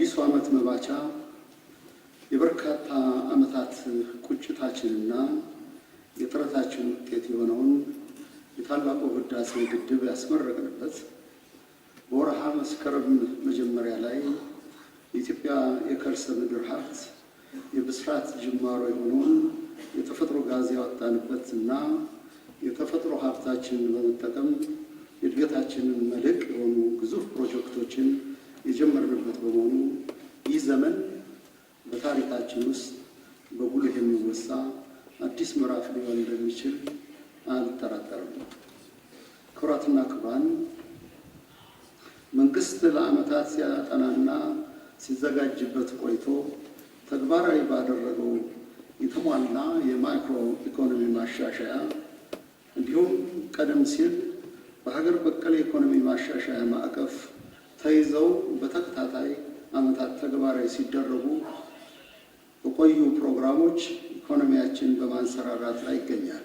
በአዲሱ ዓመት መባቻ የበርካታ ዓመታት ቁጭታችንና የጥረታችን ውጤት የሆነውን የታላቁ ህዳሴ ግድብ ያስመረቅንበት በወርሃ መስከረም መጀመሪያ ላይ የኢትዮጵያ የከርሰ ምድር ሀብት የብስራት ጅማሮ የሆነውን የተፈጥሮ ጋዝ ያወጣንበት እና የተፈጥሮ ሀብታችንን በመጠቀም የጀመርንበት በመሆኑ ይህ ዘመን በታሪካችን ውስጥ በጉልህ የሚወሳ አዲስ ምዕራፍ ሊሆን እንደሚችል አልጠራጠርም። ክብራትና ክብራን መንግስት ለዓመታት ሲያጠናና ሲዘጋጅበት ቆይቶ ተግባራዊ ባደረገው የተሟላ የማክሮ ኢኮኖሚ ማሻሻያ እንዲሁም ቀደም ሲል በሀገር በቀል የኢኮኖሚ ማሻሻያ ማዕቀፍ ተይዘው በተከታታይ ዓመታት ተግባራዊ ሲደረጉ በቆዩ ፕሮግራሞች ኢኮኖሚያችን በማንሰራራት ላይ ይገኛል።